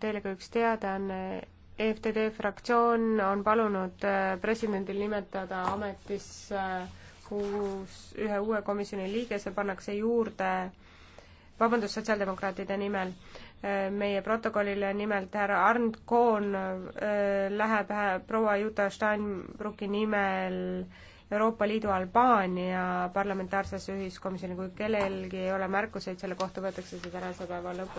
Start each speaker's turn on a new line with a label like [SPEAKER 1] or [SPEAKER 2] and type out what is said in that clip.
[SPEAKER 1] teile ka üks teadaanne. EFTD fraktsioon on palunud äh, presidendil nimetada ametisse äh, uus, ühe uue komisjoni liige, see pannakse juurde, vabandust, sotsiaaldemokraatide nimel, äh, meie protokollile, nimelt härra Arnd Koon läheb proua Juta Steinbrücki nimel Euroopa Liidu Albaania parlamentaarsesse ühiskomisjoni, kui kellelgi ei ole märkuseid selle kohta, võetakse see tänase päeva lõpuks.